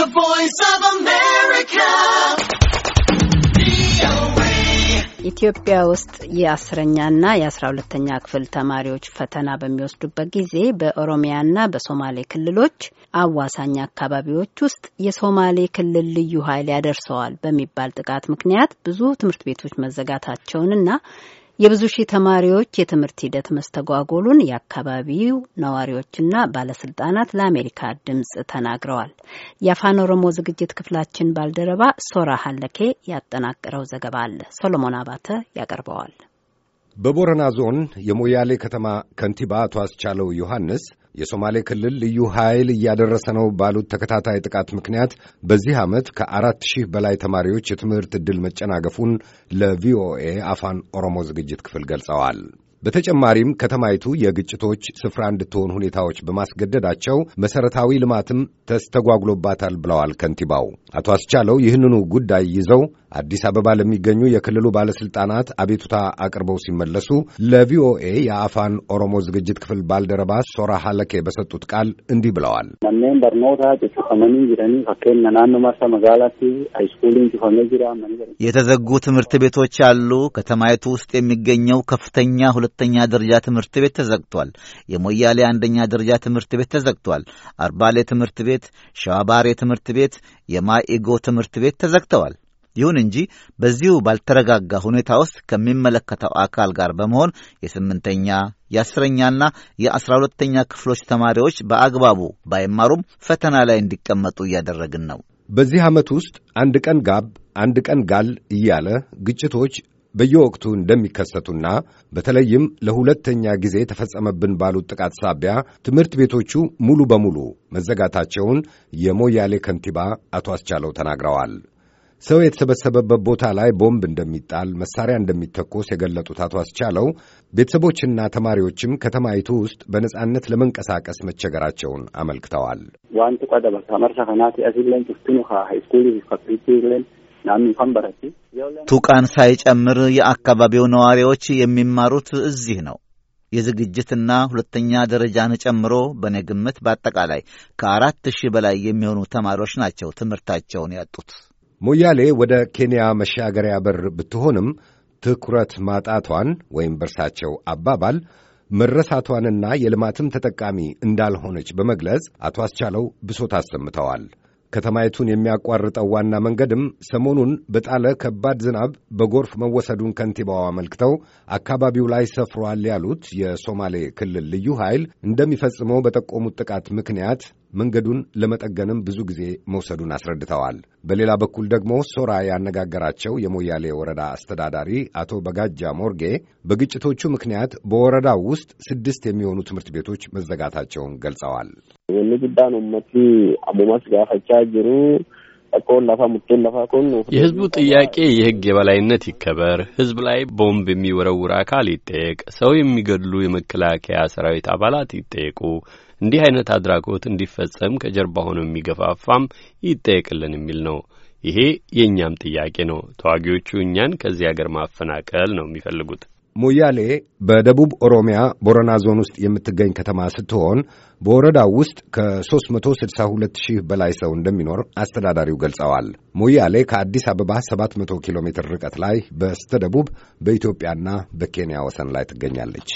The Voice of America. ኢትዮጵያ ውስጥ የአስረኛና የአስራ ሁለተኛ ክፍል ተማሪዎች ፈተና በሚወስዱበት ጊዜ በኦሮሚያና በሶማሌ ክልሎች አዋሳኝ አካባቢዎች ውስጥ የሶማሌ ክልል ልዩ ኃይል ያደርሰዋል በሚባል ጥቃት ምክንያት ብዙ ትምህርት ቤቶች መዘጋታቸውንና የብዙ ሺህ ተማሪዎች የትምህርት ሂደት መስተጓጎሉን የአካባቢው ነዋሪዎችና ባለስልጣናት ለአሜሪካ ድምፅ ተናግረዋል። የአፋን ኦሮሞ ዝግጅት ክፍላችን ባልደረባ ሶራ ሀለኬ ያጠናቀረው ዘገባ አለ። ሶሎሞን አባተ ያቀርበዋል። በቦረና ዞን የሞያሌ ከተማ ከንቲባ አቶ አስቻለው ዮሐንስ የሶማሌ ክልል ልዩ ኃይል እያደረሰ ነው ባሉት ተከታታይ ጥቃት ምክንያት በዚህ ዓመት ከአራት ሺህ በላይ ተማሪዎች የትምህርት ዕድል መጨናገፉን ለቪኦኤ አፋን ኦሮሞ ዝግጅት ክፍል ገልጸዋል። በተጨማሪም ከተማይቱ የግጭቶች ስፍራ እንድትሆን ሁኔታዎች በማስገደዳቸው መሠረታዊ ልማትም ተስተጓጉሎባታል ብለዋል ከንቲባው። አቶ አስቻለው ይህንኑ ጉዳይ ይዘው አዲስ አበባ ለሚገኙ የክልሉ ባለሥልጣናት አቤቱታ አቅርበው ሲመለሱ ለቪኦኤ የአፋን ኦሮሞ ዝግጅት ክፍል ባልደረባ ሶራ ሀለኬ በሰጡት ቃል እንዲህ ብለዋል። የተዘጉ ትምህርት ቤቶች አሉ። ከተማይቱ ውስጥ የሚገኘው ከፍተኛ ሁለተኛ ደረጃ ትምህርት ቤት ተዘግቷል። የሞያሌ አንደኛ ደረጃ ትምህርት ቤት ተዘግቷል። አርባሌ ትምህርት ቤት፣ ሸዋባሬ ትምህርት ቤት፣ የማኢጎ ትምህርት ቤት ተዘግተዋል። ይሁን እንጂ በዚሁ ባልተረጋጋ ሁኔታ ውስጥ ከሚመለከተው አካል ጋር በመሆን የስምንተኛ የአስረኛና የአስራ ሁለተኛ ክፍሎች ተማሪዎች በአግባቡ ባይማሩም ፈተና ላይ እንዲቀመጡ እያደረግን ነው። በዚህ ዓመት ውስጥ አንድ ቀን ጋብ አንድ ቀን ጋል እያለ ግጭቶች በየወቅቱ እንደሚከሰቱና በተለይም ለሁለተኛ ጊዜ ተፈጸመብን ባሉት ጥቃት ሳቢያ ትምህርት ቤቶቹ ሙሉ በሙሉ መዘጋታቸውን የሞያሌ ከንቲባ አቶ አስቻለው ተናግረዋል። ሰው የተሰበሰበበት ቦታ ላይ ቦምብ እንደሚጣል፣ መሳሪያ እንደሚተኮስ የገለጡት አቶ አስቻለው ቤተሰቦችና ተማሪዎችም ከተማይቱ ውስጥ በነጻነት ለመንቀሳቀስ መቸገራቸውን አመልክተዋል። ቱቃን ሳይጨምር የአካባቢው ነዋሪዎች የሚማሩት እዚህ ነው። የዝግጅትና ሁለተኛ ደረጃን ጨምሮ በእኔ ግምት በአጠቃላይ ከአራት ሺህ በላይ የሚሆኑ ተማሪዎች ናቸው ትምህርታቸውን ያጡት። ሞያሌ ወደ ኬንያ መሻገሪያ በር ብትሆንም ትኩረት ማጣቷን ወይም በርሳቸው አባባል መረሳቷንና የልማትም ተጠቃሚ እንዳልሆነች በመግለጽ አቶ አስቻለው ብሶት አሰምተዋል። ከተማይቱን የሚያቋርጠው ዋና መንገድም ሰሞኑን በጣለ ከባድ ዝናብ በጎርፍ መወሰዱን ከንቲባው አመልክተው አካባቢው ላይ ሰፍሯል ያሉት የሶማሌ ክልል ልዩ ኃይል እንደሚፈጽመው በጠቆሙት ጥቃት ምክንያት መንገዱን ለመጠገንም ብዙ ጊዜ መውሰዱን አስረድተዋል። በሌላ በኩል ደግሞ ሶራ ያነጋገራቸው የሞያሌ ወረዳ አስተዳዳሪ አቶ በጋጃ ሞርጌ በግጭቶቹ ምክንያት በወረዳው ውስጥ ስድስት የሚሆኑ ትምህርት ቤቶች መዘጋታቸውን ገልጸዋል። ወኒ ጉዳን ኡመቲ አቡማስ ጋፈቻ ጅሩ የህዝቡ ጥያቄ የህግ የበላይነት ይከበር፣ ህዝብ ላይ ቦምብ የሚወረውር አካል ይጠየቅ፣ ሰው የሚገድሉ የመከላከያ ሰራዊት አባላት ይጠየቁ፣ እንዲህ አይነት አድራጎት እንዲፈጸም ከጀርባ ሆኖ የሚገፋፋም ይጠየቅልን የሚል ነው። ይሄ የእኛም ጥያቄ ነው። ተዋጊዎቹ እኛን ከዚህ አገር ማፈናቀል ነው የሚፈልጉት። ሞያሌ በደቡብ ኦሮሚያ ቦረና ዞን ውስጥ የምትገኝ ከተማ ስትሆን በወረዳው ውስጥ ከ362 ሺህ በላይ ሰው እንደሚኖር አስተዳዳሪው ገልጸዋል። ሞያሌ ከአዲስ አበባ 700 ኪሎ ሜትር ርቀት ላይ በስተ ደቡብ በኢትዮጵያና በኬንያ ወሰን ላይ ትገኛለች።